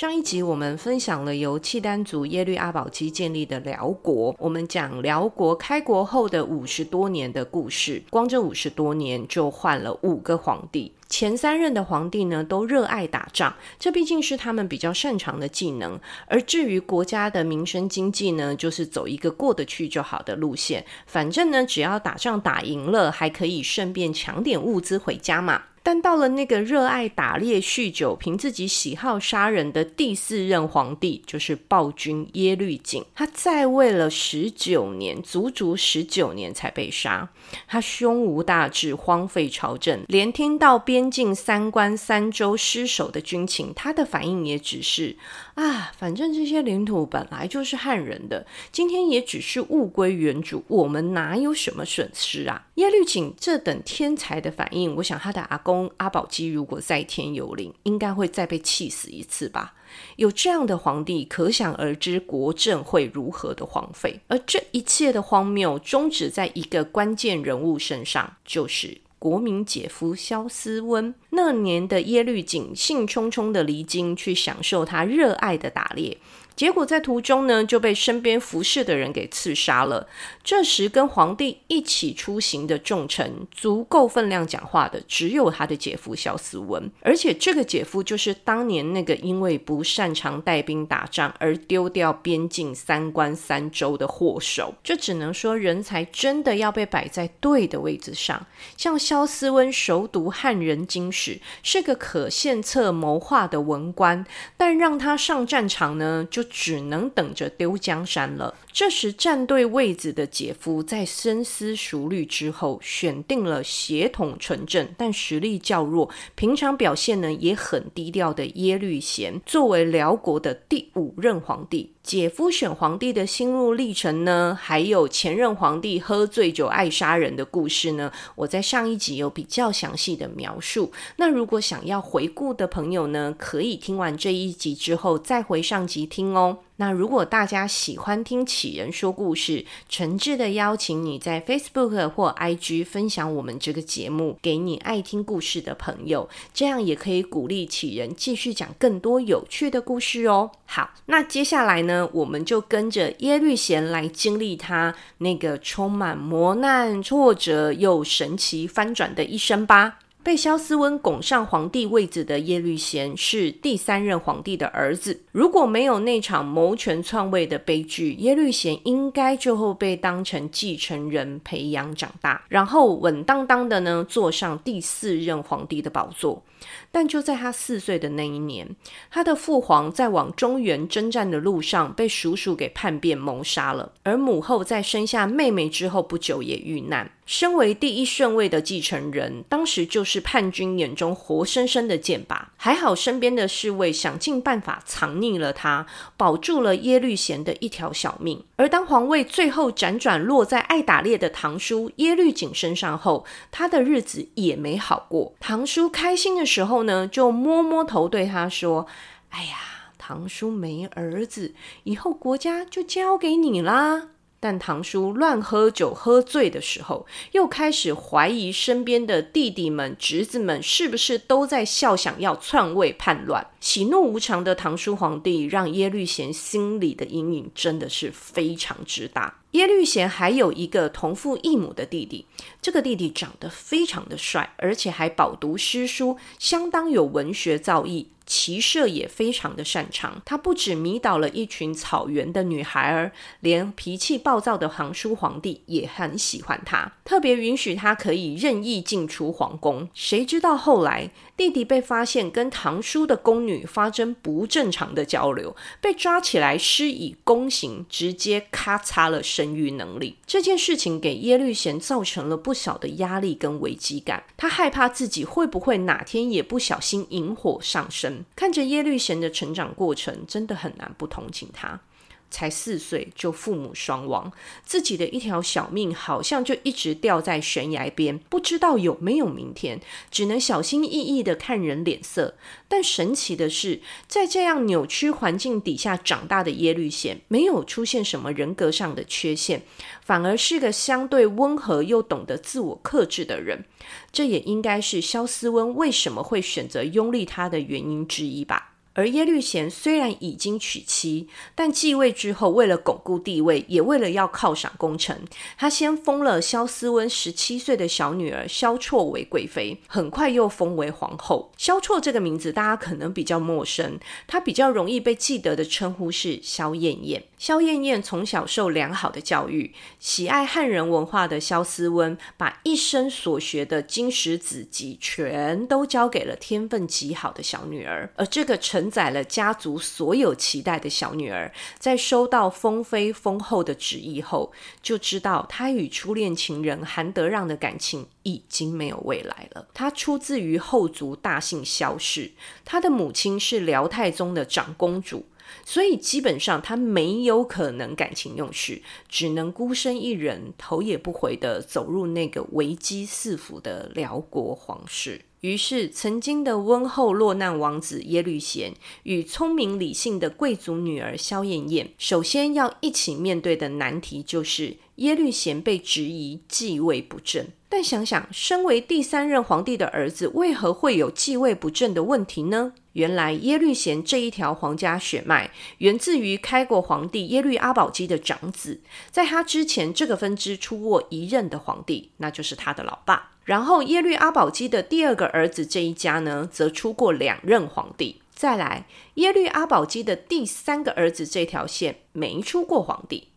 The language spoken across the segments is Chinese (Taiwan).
上一集我們分享了由契丹族耶律阿保機建立的遼國，我們講遼國開國後的五十多年的故事。光這五十多年就換了五個皇帝，前三任的皇帝呢，都熱愛打仗，這畢竟是他們比較擅長的技能。而至於國家的民生經濟呢，就是走一個過得去就好的路線，反正呢，只要打仗打贏了，還可以順便搶點物資回家嘛。但到了那個熱愛打獵、酗酒、憑自己喜好殺人的第四任皇帝，就是暴君耶律璟。他在位了十九年，足足十九年才被殺。他胸無大志，荒廢朝政，連聽到邊境三關三州失守的軍情，他的反應也只是：“啊，反正這些領土本來就是漢人的，今天也只是物歸原主，我們哪有什麼損失啊？”耶律璟這等天才的反應，我想他的阿公。阿保機如果在天有靈，應該會再被氣死一次吧？有這樣的皇帝，可想而知國政會如何的荒廢。而這一切的荒謬，終止在一個關鍵人物身上，就是國民姐夫蕭思溫。那年的耶律璟興沖沖的離京，去享受他熱愛的打獵。結果在途中呢，就被身邊服侍的人給刺殺了。這時跟皇帝一起出行的重臣，足夠分量講話的只有他的姐夫蕭思溫，而且這個姐夫就是當年那個因為不擅長帶兵打仗而丟掉邊境三關三州的禍首。這只能說人才真的要被擺在對的位置上。像蕭思溫熟讀漢人經史，是個可獻策謀劃的文官，但讓他上戰場呢，就。只能等着丟江山了。這時站對位子的姐夫在深思熟慮之後，選定了血統純正，但實力較弱，平常表現呢也很低調的耶律賢，作為遼國的第五任皇帝。姐夫選皇帝的心路歷程呢，還有前任皇帝喝醉酒愛殺人的故事呢，我在上一集有比較詳細的描述。那如果想要回顧的朋友呢，可以聽完這一集之後再回上集聽哦。那如果大家喜歡聽杞人說故事，誠摯的邀請你在 Facebook 或 IG 分享我們這個節目給你愛聽故事的朋友，這樣也可以鼓勵杞人繼續講更多有趣的故事哦。好，那接下來呢，我們就跟着耶律賢來經歷他那個充滿磨難、挫折又神奇翻轉的一生吧。被蕭思溫拱上皇帝位子的耶律賢是第三任皇帝的兒子。如果沒有那場謀權篡位的悲劇，耶律賢應該就會被當成繼承人培養長大，然後穩當當的呢坐上第四任皇帝的寶座。但就在他四歲的那一年，他的父皇在往中原征戰的路上被叔叔給叛變謀殺了，而母後在生下妹妹之後不久也遇難。身為第一順位的繼承人，當時就是叛軍眼中活生生的箭靶。還好身邊的侍衛想盡辦法藏匿了他，保住了耶律賢的一條小命。而當皇位最後輾轉落在愛打獵的堂叔耶律璟身上後，他的日子也沒好過。堂叔開心的時候呢，就摸摸頭對他說：“哎呀，堂叔沒兒子，以後國家就交給你啦。”但堂叔亂喝酒、喝醉的時候，又開始懷疑身邊的弟弟們、侄子們是不是都在笑，想要篡位叛亂。喜怒無常的堂叔皇帝，讓耶律賢心裡的陰影真的是非常之大。耶律賢還有一個同父異母的弟弟。這個弟弟長得非常的帥，而且還飽讀詩書，相當有文學造詣，騎射也非常的擅長。他不止迷倒了一群草原的女孩兒，連脾氣暴躁的堂叔皇帝也很喜歡他，特別允許他可以任意進出皇宮。誰知道後來弟弟被發現跟堂叔的宮女發生不正常的交流，被抓起來施以宮刑，直接咔嚓了生育能力。這件事情給耶律賢造成了不少的壓力跟危機感，他害怕自己會不會哪天也不小心引火上身。看着耶律賢的成長過程，真的很難不同情他。才四歲就父母雙亡，自己的一條小命好像就一直掉在懸崖邊，不知道有沒有明天，只能小心翼翼的看人臉色。但神奇的是，在這樣扭曲環境底下長大的耶律賢，沒有出現什麼人格上的缺陷，反而是個相對溫和又懂得自我克制的人。這也應該是蕭思溫為什麼會選擇擁立他的原因之一吧。而耶律賢雖然已經娶妻，但繼位之後，為了鞏固地位，也為了要犒賞功臣，他先封了蕭思溫十七歲的小女兒蕭綽為貴妃，很快又封為皇後。蕭綽這個名字大家可能比較陌生，她比較容易被記得的稱呼是蕭燕燕。蕭燕燕從小受良好的教育，喜愛漢人文化的蕭思溫，把一生所學的經史子集全都交給了天分極好的小女兒。而這個承載了家族所有期待的小女兒，在收到封妃封後的旨意後，就知道她與初戀情人韓德讓的感情已經沒有未來了。她出自於後族大姓蕭氏，她的母親是遼太宗的長公主。所以基本上他沒有可能感情用事，只能孤身一人，頭也不回地走入那個危機四伏的遼國皇室。於是，曾經的溫厚落難王子耶律賢，與聰明理性的貴族女兒蕭燕燕，首先要一起面對的難題就是。耶律賢被質疑繼位不正，但想想，身為第三任皇帝的兒子，為何會有繼位不正的問題呢？原來，耶律賢這一條皇家血脈，源自於開國皇帝耶律阿保機的長子，在他之前，這個分支出過一任的皇帝，那就是他的老爸。然後，耶律阿保機的第二個兒子這一家呢，則出過兩任皇帝。再來，耶律阿保機的第三個兒子這條線，沒出過皇帝。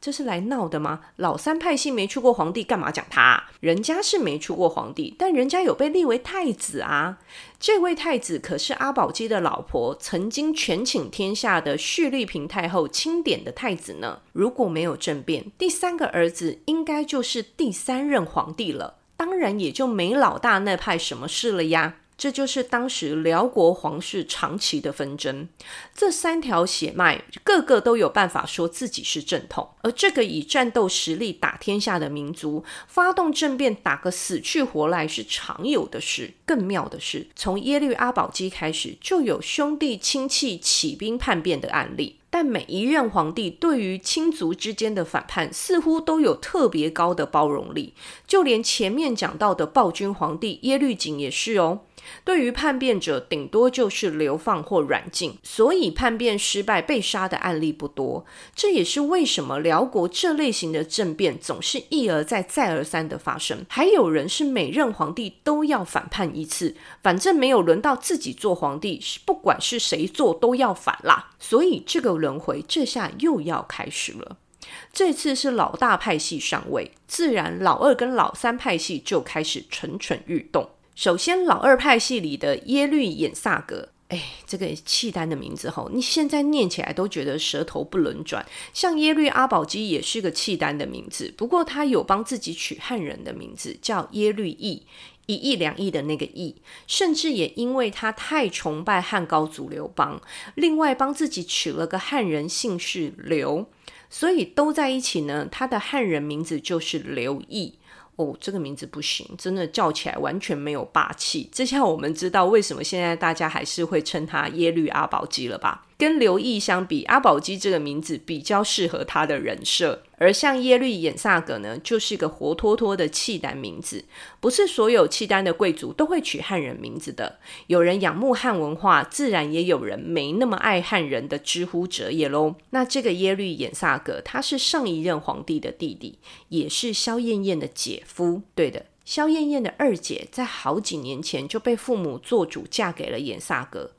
這是來鬧的嗎？老三派系沒出過皇帝，幹嘛講他啊？人家是沒出過皇帝，但人家有被立為太子啊！這位太子可是耶律阿保機的老婆，曾經權傾天下的述律平太后欽點的太子呢。如果沒有政變，第三個兒子應該就是第三任皇帝了，當然也就沒老大那派什麼事了呀。這就是當時遼國皇室長期的紛爭，這三條血脈個個都有辦法說自己是正統，而這個以戰鬥實力打天下的民族，發動政變打個死去活來是常有的事。更妙的是，從耶律阿保機開始就有兄弟親戚起兵叛變的案例，但每一任皇帝對於親族之間的反叛似乎都有特別高的包容力，就連前面講到的暴君皇帝耶律璟也是哦。對於叛變者，頂多就是流放或軟禁，所以叛變失敗被殺的案例不多。這也是為什麼遼國這類型的政變總是一而再、再而三的發生。還有人是每任皇帝都要反叛一次，反正沒有輪到自己做皇帝，是不管是誰做都要反啦。所以這個輪迴，這下又要開始了。這次是老大派系上位，自然老二跟老三派系就開始蠢蠢欲動。首先，老二派系裡的耶律演薩格，哎，這個契丹的名字吼，你現在念起來都覺得舌頭不輪轉。像耶律阿保機也是個契丹的名字，不過他有幫自己取漢人的名字，叫耶律億，一億兩億的那個億，甚至也因為他太崇拜漢高祖劉邦，另外幫自己取了個漢人姓氏劉，所以都在一起呢。他的漢人名字就是劉億。哦，這個名字不行，真的叫起來完全沒有霸氣。這下我們知道為什麼現在大家還是會稱他耶律阿保機了吧？跟劉毅相比，阿保機這個名字比較適合他的人設，而像耶律罨撒葛呢，就是個活脫脫的契丹名字。不是所有契丹的貴族都會取漢人名字的，有人仰慕漢文化，自然也有人沒那麼愛漢人的，之乎者也嘍。那這個耶律罨撒葛，他是上一任皇帝的弟弟，也是蕭燕燕的姐夫。對的，蕭燕燕的二姐在好幾年前就被父母做主嫁給了罨撒葛。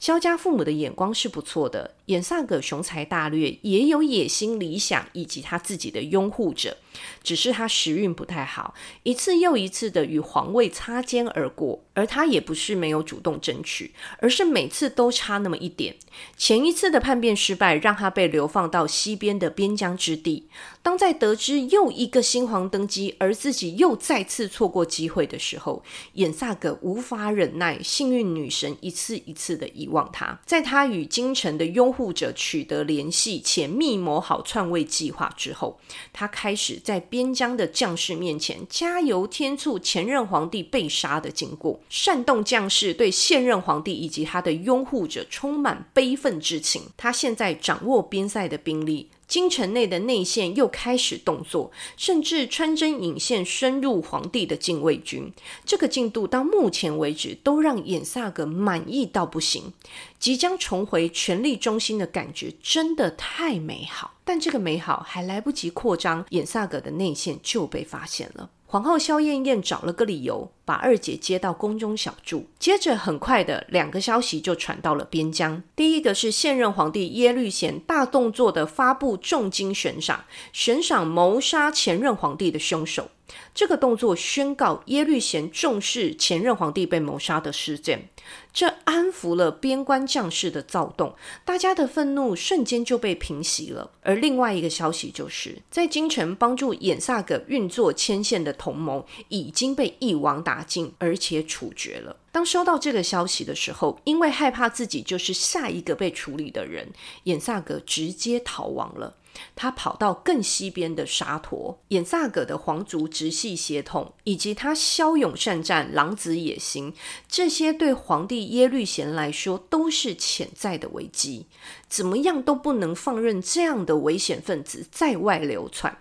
蕭家父母的眼光是不錯的。罨撒葛雄才大略，也有野心理想以及他自己的擁護者，只是他時運不太好，一次又一次的與皇位擦肩而過，而他也不是沒有主動爭取，而是每次都差那麼一點。前一次的叛變失敗，讓他被流放到西邊的邊疆之地。當在得知又一個新皇登基，而自己又再次錯過機會的時候，罨撒葛無法忍耐，幸運女神一次一次的遺忘他。在他與京城的擁護護者取得聯繫，且密謀好篡位計劃之後，他開始在邊疆的將士面前加油添醋前任皇帝被殺的經過，煽動將士對現任皇帝以及他的擁護者充滿悲憤之情。他現在掌握邊塞的兵力。京城內的內線又開始動作，甚至穿針引線深入皇帝的禁衛軍。這個進度到目前為止都讓罨撒葛滿意到不行，即將重回權力中心的感覺真的太美好。但這個美好還來不及擴張，罨撒葛的內線就被發現了。皇后蕭燕燕找了個理由，把二姐接到宮中小住。接着，很快的兩個消息就傳到了邊疆。第一個是現任皇帝耶律賢大動作的發布重金懸賞，懸賞謀殺前任皇帝的兇手。這個動作宣告耶律賢重視前任皇帝被謀殺的事件，這安撫了邊關將士的躁動，大家的憤怒瞬間就被平息了。而另外一個消息就是在京城幫助眼薩格運作牽線的同盟已經被一網打盡，而且處決了。當收到這個消息的時候，因為害怕自己就是下一個被處理的人，眼薩格直接逃亡了。他跑到更西邊的沙陀，演薩葛的皇族直系血統，以及他驍勇善戰、狼子野心，這些對皇帝耶律賢來說都是潛在的危機。怎麼樣都不能放任這樣的危險分子在外流竄。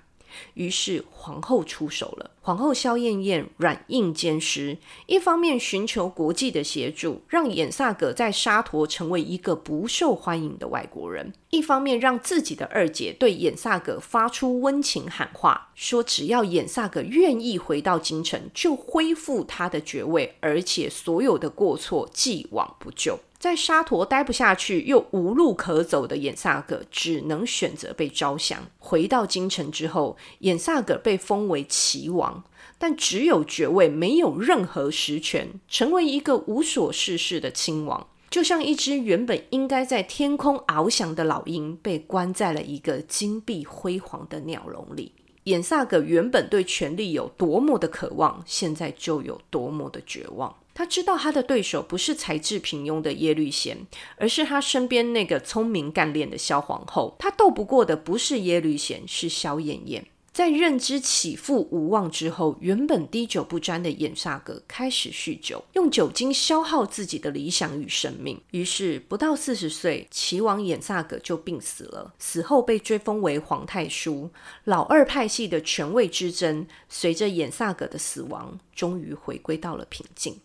於是皇后出手了。皇后蕭燕燕軟硬兼施，一方面尋求國際的協助，讓眼薩格在沙陀成為一個不受歡迎的外國人；一方面讓自己的二姐對眼薩格發出溫情喊話，說只要眼薩格願意回到京城，就恢復他的爵位，而且所有的過錯既往不咎。在沙陀待不下去，又無路可走的演薩葛只能選擇被招降。回到京城之後，演薩葛被封為齊王，但只有爵位，沒有任何實權，成為一個無所事事的親王，就像一隻原本應該在天空翱翔的老鷹，被關在了一個金碧輝煌的鳥籠裡。演薩葛原本對權力有多麼的渴望，現在就有多麼的絕望。他知道他的對手不是才智平庸的耶律賢，而是他身邊那個聰明幹練的蕭皇後。他鬥不過的不是耶律賢，是蕭燕燕。在認知起復無望之後，原本滴酒不沾的燕薩格開始酗酒，用酒精消耗自己的理想與生命。於是，不到四十歲，齊王燕薩格就病死了。死後被追封為皇太叔。老二派系的權位之爭，隨着燕薩格的死亡，終於回歸到了平靜。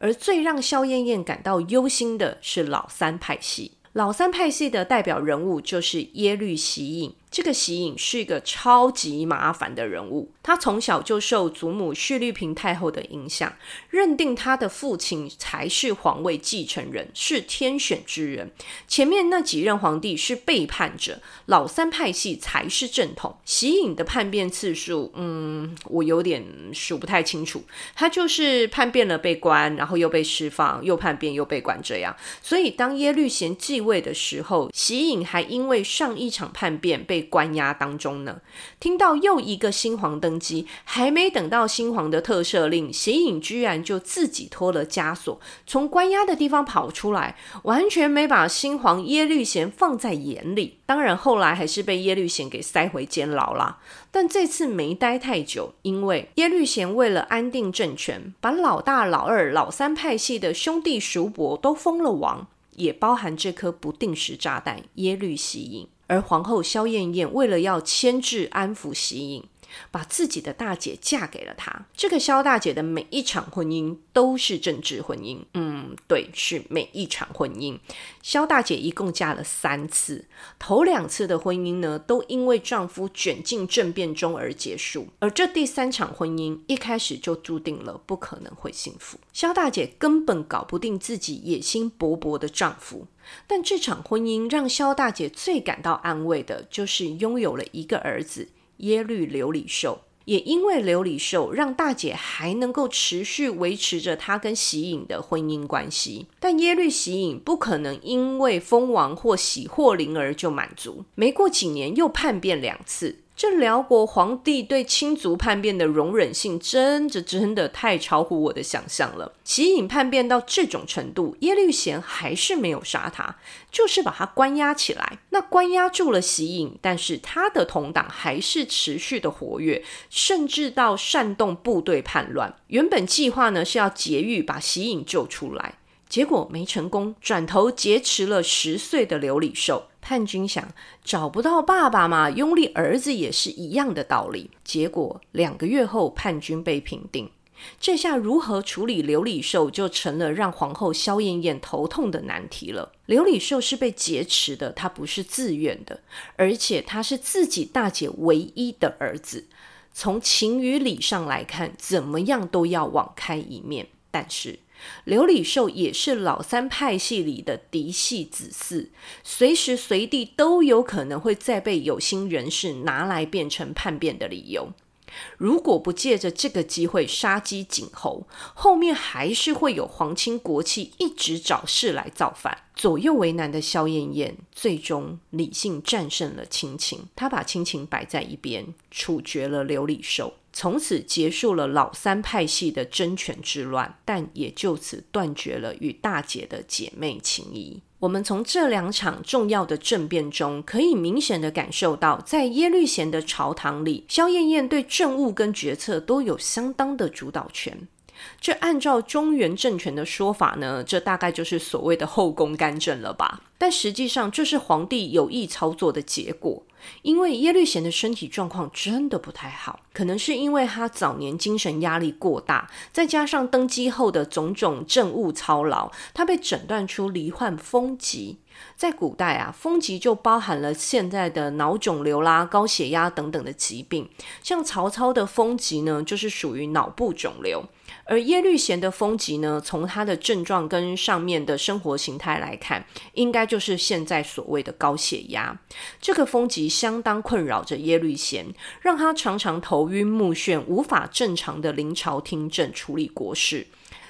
而最讓蕭燕燕感到憂心的是老三派系，老三派系的代表人物就是耶律喜隱。這個喜隱是一個超級麻煩的人物。他從小就受祖母述律平太後的影響，認定他的父親才是皇位繼承人，是天選之人。前面那幾任皇帝是背叛者，老三派系才是正統。喜隱的叛變次數，嗯，我有點數不太清楚。他就是叛變了被關，然後又被釋放，又叛變又被關，這樣。所以當耶律賢繼位的時候，喜隱還因為上一場叛變被關押當中呢，聽到又一個新皇登基，還沒等到新皇的特赦令，喜隱居然就自己脫了枷鎖，從關押的地方跑出來，完全沒把新皇耶律賢放在眼裡。當然，後來還是被耶律賢給塞回監牢啦，但這次沒待太久，因為耶律賢為了安定政權，把老大、老二、老三派系的兄弟叔伯都封了王，也包含這顆不定時炸彈耶律喜隱。而皇后蕭燕燕為了要牽制、安撫喜隱。把自己的大姐嫁給了他。這個蕭大姐的每一場婚姻，都是政治婚姻。嗯，對，是每一場婚姻。蕭大姐一共嫁了三次，頭兩次的婚姻呢，都因為丈夫捲進政變中而結束。而這第三場婚姻一開始就注定了不可能會幸福。蕭大姐根本搞不定自己野心勃勃的丈夫，但這場婚姻讓蕭大姐最感到安慰的就是擁有了一個兒子。耶律琉璃壽。也因為琉璃壽，讓大姐還能夠持續維持着她跟喜隱的婚姻關係。但耶律喜隱不可能因為封王或喜獲麟兒就滿足，沒過幾年又叛變兩次。這遼國皇帝對親族叛變的容忍性，真的真的太超乎我的想象了。喜隱叛變到這種程度，耶律賢還是沒有殺他，就是把他關押起來。那關押住了喜隱，但是他的同黨還是持續的活躍，甚至到煽動部隊叛亂。原本計劃呢，是要劫獄把喜隱救出來。結果沒成功，轉頭劫持了十歲的留禮壽。叛軍想找不到爸爸嘛，擁立兒子也是一樣的道理。結果兩個月後，叛軍被平定。這下如何處理留禮壽就成了讓皇后蕭燕燕頭痛的難題了。留禮壽是被劫持的，他不是自願的，而且他是自己大姐唯一的兒子。從情與理上來看，怎麼樣都要網開一面，但是。留禮壽也是老三派系裡的嫡系子嗣，隨時隨地都有可能會再被有心人士拿來變成叛變的理由。如果不借着這個機會殺雞儆猴，後面還是會有皇親國戚一直找事來造反，左右為難的蕭燕燕最終理性戰勝了親情，她把親情擺在一邊，處決了留禮壽，從此結束了老三派系的爭權之亂，但也就此斷絕了與大姐的姐妹情誼。我們從這兩場重要的政變中，可以明顯的感受到，在耶律賢的朝堂裡，蕭燕燕對政務跟決策都有相當的主導權。這按照中原政權的說法呢，這大概就是所謂的後宮干政了吧？但實際上，這是皇帝有意操作的結果。因為耶律賢的身體狀況真的不太好，可能是因為他早年精神壓力過大，再加上登基後的種種政務操勞，他被診斷出罹患風疾。在古代啊，風疾就包含了現在的腦腫瘤啦、高血壓等等的疾病，像曹操的風疾呢，就是屬於腦部腫瘤。而耶律賢的風疾呢？從他的症狀跟上面的生活形態來看，應該就是現在所謂的高血壓。這個風疾相當困擾着耶律賢，讓他常常頭暈目眩，無法正常的臨朝聽政、處理國事。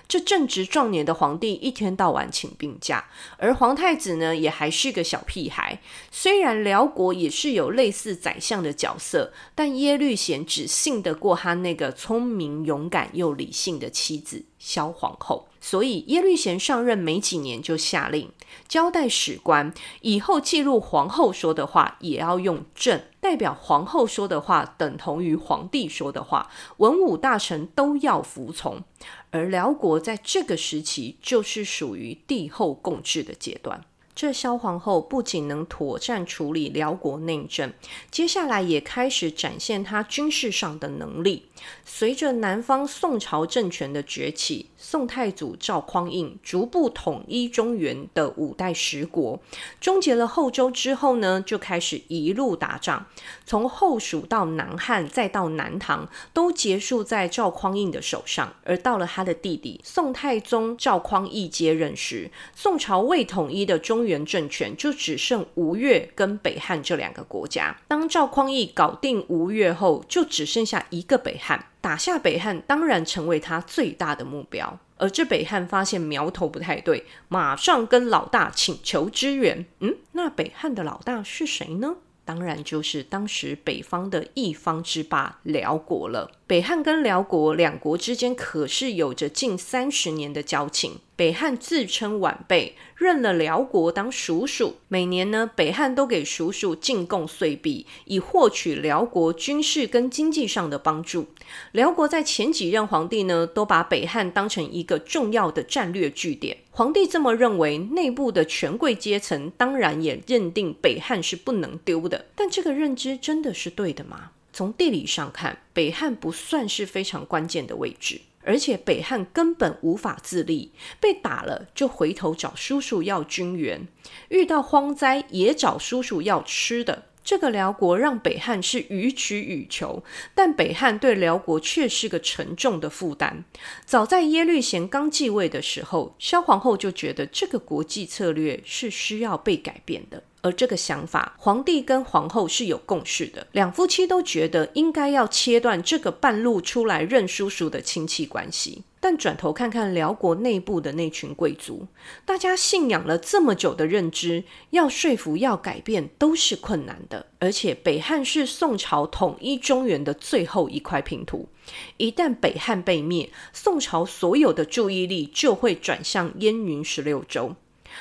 這正值壯年的皇帝一天到晚請病假，而皇太子呢也還是個小屁孩。雖然遼國也是有類似宰相的角色，但耶律賢只信得過他那個聰明、勇敢又理性的妻子蕭皇後，所以耶律賢上任沒幾年就下令。交代史官以後，記錄皇後說的話也要用朕，代表皇後說的話等同於皇帝說的話，文武大臣都要服從。而遼國在這個時期就是屬於帝後共治的階段。這蕭皇後不僅能妥善處理遼國內政，接下來也開始展現她軍事上的能力。隨着南方宋朝政權的崛起，宋太祖趙匡胤逐步統一中原的五代十國，終結了後周之後呢，就開始一路打仗，從後蜀到南漢再到南唐，都結束在趙匡胤的手上。而到了他的弟弟宋太宗趙匡胤接任時，宋朝未統一的中原原政權就只剩吳越跟北漢這兩個國家。當趙匡胤搞定吳越後，就只剩下一個北漢。打下北漢，當然成為他最大的目標。而這北漢發現苗頭不太對，馬上跟老大請求支援。嗯，那北漢的老大是誰呢？當然就是當時北方的一方之霸遼國了。北漢跟遼國兩國之間可是有着近三十年的交情。北漢自稱晚輩，認了遼國當叔叔，每年呢，北漢都給叔叔進貢歲幣，以獲取遼國軍事跟經濟上的幫助。遼國在前幾任皇帝呢，都把北漢當成一個重要的戰略據點。皇帝這麼認為，內部的權貴階層當然也認定北漢是不能丟的。但這個認知真的是對的嗎？從地理上看，北漢不算是非常關鍵的位置。而且北漢根本無法自立，被打了就回頭找叔叔要軍援，遇到荒災也找叔叔要吃的。這個遼國讓北漢是予取予求，但北漢對遼國卻是個沉重的負擔。早在耶律賢剛繼位的時候，蕭皇後就覺得這個國際策略是需要被改變的。而這個想法，皇帝跟皇後是有共識的，兩夫妻都覺得應該要切斷這個半路出來認叔叔的親戚關係。但轉頭看看遼國內部的那群貴族，大家信仰了這麼久的認知，要說服、要改變都是困難的。而且北漢是宋朝統一中原的最後一塊拼圖，一旦北漢被滅，宋朝所有的注意力就會轉向燕雲十六州，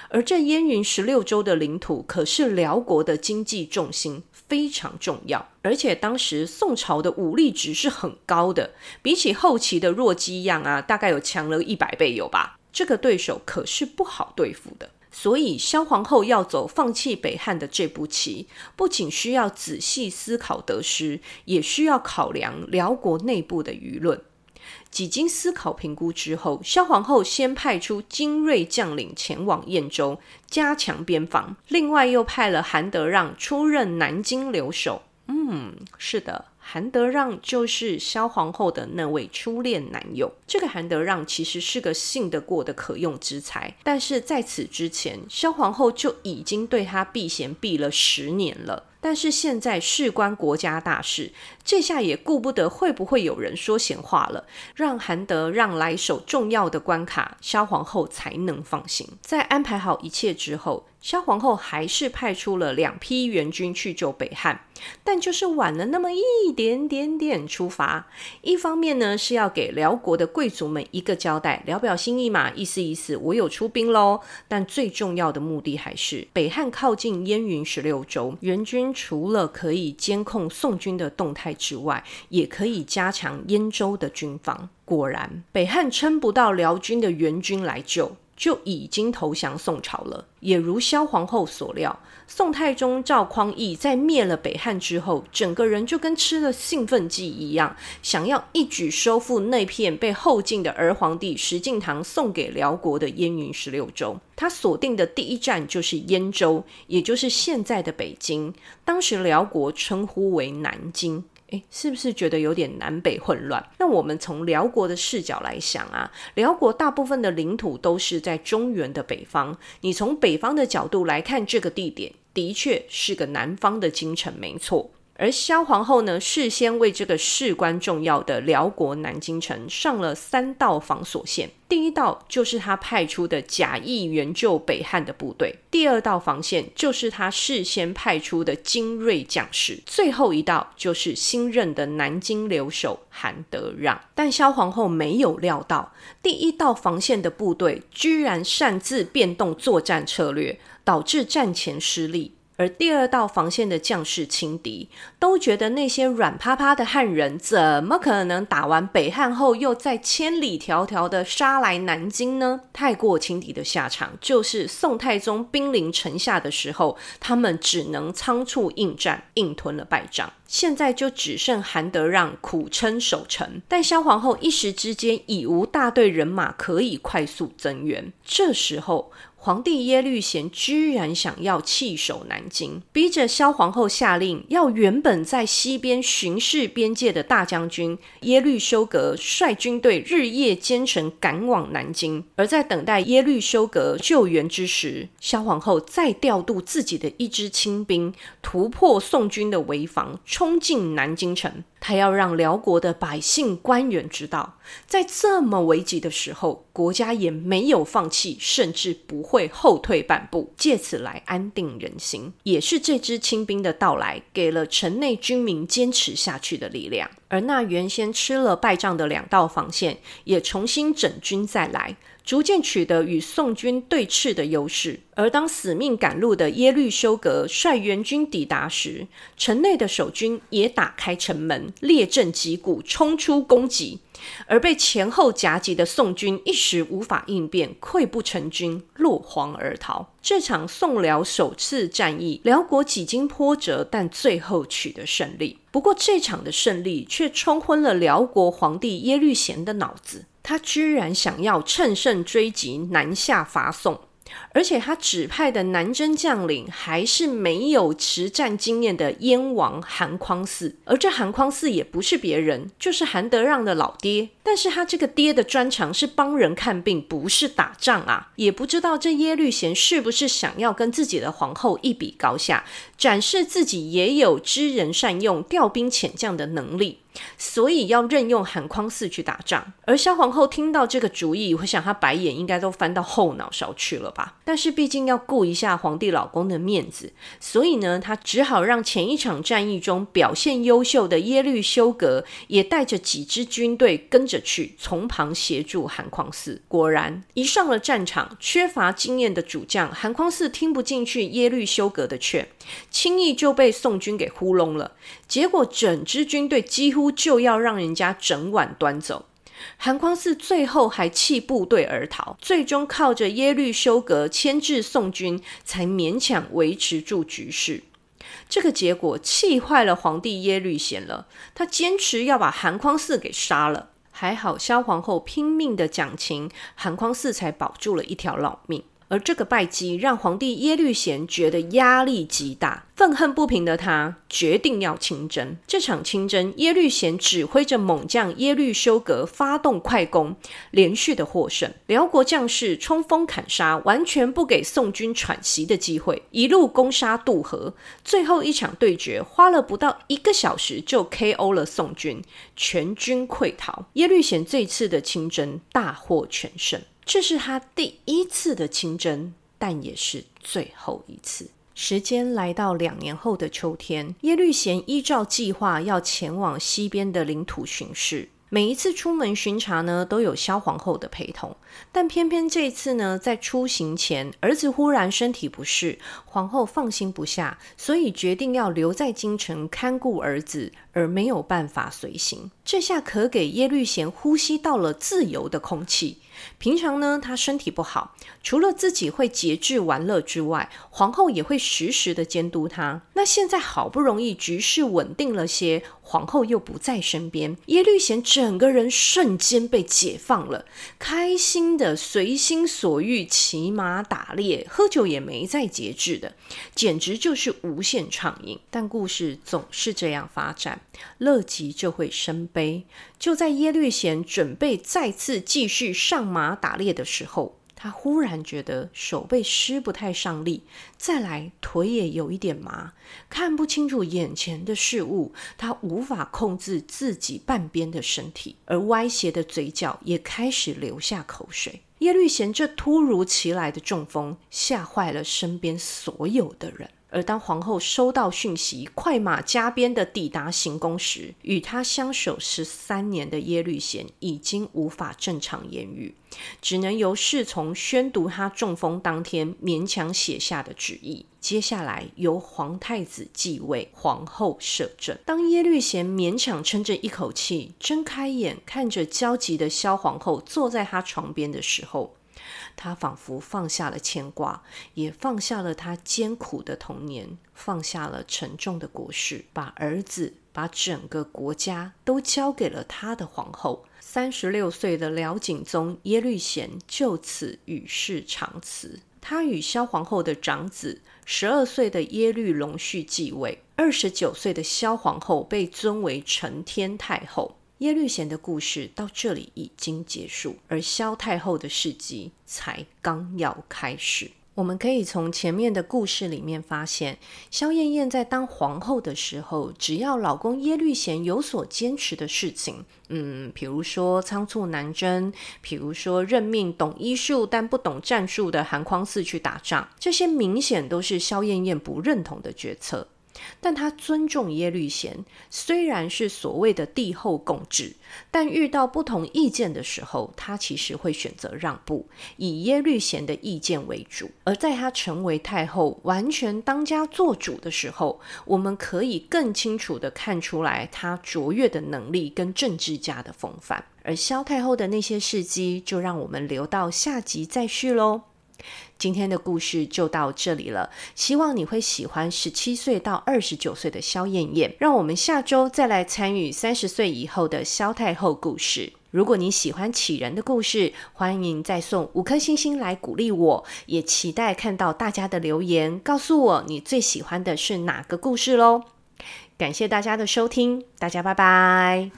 而這燕雲十六州的領土可是遼國的經濟重心。非常重要，而且當時宋朝的武力值是很高的，比起後期的弱雞一樣啊，大概有強了一百倍有吧，這個對手可是不好對付的，所以蕭皇后要走放棄北漢的這步棋，不僅需要仔細思考得失，也需要考量遼國內部的輿論。幾經思考評估之後，蕭皇后先派出精銳將領前往燕州加強邊防，另外又派了韓德讓出任南京留守。嗯，是的，韓德讓就是蕭皇後的那位初戀男友。這個韓德讓其實是個信得過的可用之才，但是在此之前，蕭皇後就已經對他避嫌避了十年了。但是現在事關國家大事，這下也顧不得會不會有人說閒話了。讓韓德讓來守重要的關卡，蕭皇后才能放心。在安排好一切之後，蕭皇後還是派出了兩批援軍去救北漢，但就是晚了那麼一點點點出發。一方面呢，是要給遼國的貴族們一個交代，聊表心意嘛，意思意思，我有出兵嘍。但最重要的目的還是北漢靠近燕雲十六州，援軍。除了可以監控宋軍的動態之外，也可以加強燕州的軍防。果然，北漢撐不到遼軍的援軍來救。就已經投降宋朝了，也如蕭皇後所料，宋太宗趙匡義在滅了北漢之後，整個人就跟吃了興奮劑一樣，想要一舉收復那片被後晉的兒皇帝石敬瑭送給遼國的燕雲十六州。他鎖定的第一站就是燕州，也就是現在的北京，當時遼國稱呼為南京。誒，是不是覺得有點南北混亂？那我們從遼國的視角來想啊，遼國大部分的領土都是在中原的北方。你從北方的角度來看，這個地點的確是個南方的京城，沒錯。而蕭皇後呢，事先為這個事關重要的遼國南京城上了三道封鎖線。第一道就是他派出的假意援救北漢的部隊，第二道防線就是他事先派出的精銳將士，最後一道就是新任的南京留守韓德讓。但蕭皇后沒有料到，第一道防線的部隊居然擅自變動作戰策略，導致戰前失利。而第二道防線的將士輕敵，都覺得那些軟趴趴的漢人怎麼可能打完北漢後又再千里迢迢的殺來南京呢？太過輕敵的下場，就是宋太宗兵臨城下的時候，他們只能倉促應戰，硬吞了敗仗。現在就只剩韓德讓苦撐守城，但蕭皇後一時之間已無大隊人馬可以快速增援，這時候，皇帝耶律賢居然想要棄守南京，逼着蕭皇后下令，要原本在西邊巡視邊界的大將軍耶律休哥率軍隊日夜兼程趕往南京。而在等待耶律休哥救援之時，蕭皇后再調度自己的一支親兵突破宋軍的圍防，衝進南京城。他要讓遼國的百姓官員知道，在這麼危急的時候，國家也沒有放棄，甚至不會後退半步，借此來安定人心。也是這支清兵的到來，給了城內軍民堅持下去的力量。而那原先吃了敗仗的兩道防線，也重新整軍再來。逐漸取得與宋軍對峙的優勢，而當死命趕路的耶律休哥率援軍抵達時，城內的守軍也打開城門，列陣擊鼓，衝出攻擊。而被前後夾擊的宋軍一時無法應變，潰不成軍，落荒而逃。這場宋遼首次戰役，遼國幾經波折，但最後取得勝利。不過這場的勝利卻沖昏了遼國皇帝耶律賢的腦子，他居然想要乘勝追擊，南下伐宋。而且他指派的南征將領還是沒有實戰經驗的燕王韓匡嗣，而這韓匡嗣也不是別人，就是韓德讓的老爹。但是他這個爹的專長是幫人看病，不是打仗啊！也不知道這耶律賢是不是想要跟自己的皇後一比高下，展示自己也有知人善用、調兵遣將的能力。所以要任用韓匡嗣去打仗，而蕭皇后聽到這個主意，我想她白眼應該都翻到後腦勺去了吧。但是畢竟要顧一下皇帝老公的面子，所以呢，她只好讓前一場戰役中表現優秀的耶律休哥也帶着幾支軍隊跟着去，從旁協助韓匡嗣。果然，一上了戰場，缺乏經驗的主將韓匡嗣聽不進去耶律休哥的勸，輕易就被宋軍給糊弄了。結果，整支軍隊幾乎，就要讓人家整碗端走，韓匡嗣最後還棄部隊而逃，最終靠着耶律休哥牽制宋軍，才勉強維持住局勢。這個結果氣壞了皇帝耶律賢了，他堅持要把韓匡嗣給殺了。還好蕭皇后拼命的講情，韓匡嗣才保住了一條老命。而這個敗績讓皇帝耶律賢覺得壓力極大，憤恨不平的他決定要親征。這場親征，耶律賢指揮着猛將耶律休哥發動快攻，連續的獲勝。遼國將士衝鋒砍殺，完全不給宋軍喘息的機會，一路攻殺渡河。最後一場對決，花了不到一個小時就 K.O. 了宋軍，全軍潰逃。耶律賢這次的親征大獲全勝。這是他第一次的親征，但也是最後一次。時間來到兩年後的秋天，耶律賢依照計劃要前往西邊的領土巡視。每一次出門巡查，呢，都有蕭皇後的陪同。但偏偏這一次呢，在出行前，兒子忽然身體不適，皇后放心不下，所以決定要留在京城看顧兒子，而沒有辦法隨行。這下可給耶律賢呼吸到了自由的空氣。平常呢，他身體不好，除了自己會節制玩樂之外，皇後也會時時的監督他。那現在好不容易局勢穩定了些，皇后又不在身邊，耶律賢整個人瞬間被解放了，開心的隨心所欲騎馬打獵，喝酒也沒再節制的，簡直就是無限暢飲。但故事總是這樣發展，樂極就會生悲。就在耶律賢準備再次繼續上馬打獵的時候，他忽然覺得手背使不太上力，再來腿也有一點麻，看不清楚眼前的事物，他無法控制自己半邊的身體，而歪斜的嘴角也開始流下口水。耶律賢這突如其來的中風，嚇壞了身邊所有的人。而當皇后收到訊息，快馬加鞭地抵達行宮時，與她相守十三年的耶律賢已經無法正常言語，只能由侍從宣讀他中風當天勉強寫下的旨意。接下來由皇太子繼位，皇后攝政。當耶律賢勉強撐着一口氣，睜開眼看着焦急的蕭皇后坐在他床邊的時候，他仿佛放下了牽掛，也放下了他艱苦的童年，放下了沉重的國事，把兒子、把整個國家都交給了他的皇後。三十六歲的遼景宗耶律賢就此與世長辭。他與蕭皇後的長子十二歲的耶律隆緒繼位，二十九歲的蕭皇后被尊為承天太後。耶律賢的故事到這裡已經結束，而蕭太後的事蹟才剛要開始。我們可以從前面的故事裡面發現，蕭燕燕在當皇後的時候，只要老公耶律賢有所堅持的事情，嗯，比如說倉促南征，比如說任命懂醫術但不懂戰術的韓匡嗣去打仗，這些明顯都是蕭燕燕不認同的決策。但他尊重耶律賢，雖然是所謂的帝後共治，但遇到不同意見的時候，他其實會選擇讓步，以耶律賢的意見為主。而在他成為太後，完全當家做主的時候，我們可以更清楚地看出來他卓越的能力跟政治家的風範。而蕭太後的那些事跡，就讓我們留到下集再續嘍。今天的故事就到這裡了，希望你會喜歡十七歲到二十九歲的蕭燕燕。讓我們下周再來參與三十歲以後的蕭太后故事。如果你喜歡杞人的故事，歡迎再送五顆星星來鼓勵我。也期待看到大家的留言，告訴我你最喜歡的是哪個故事嘍！感謝大家的收聽，大家拜拜。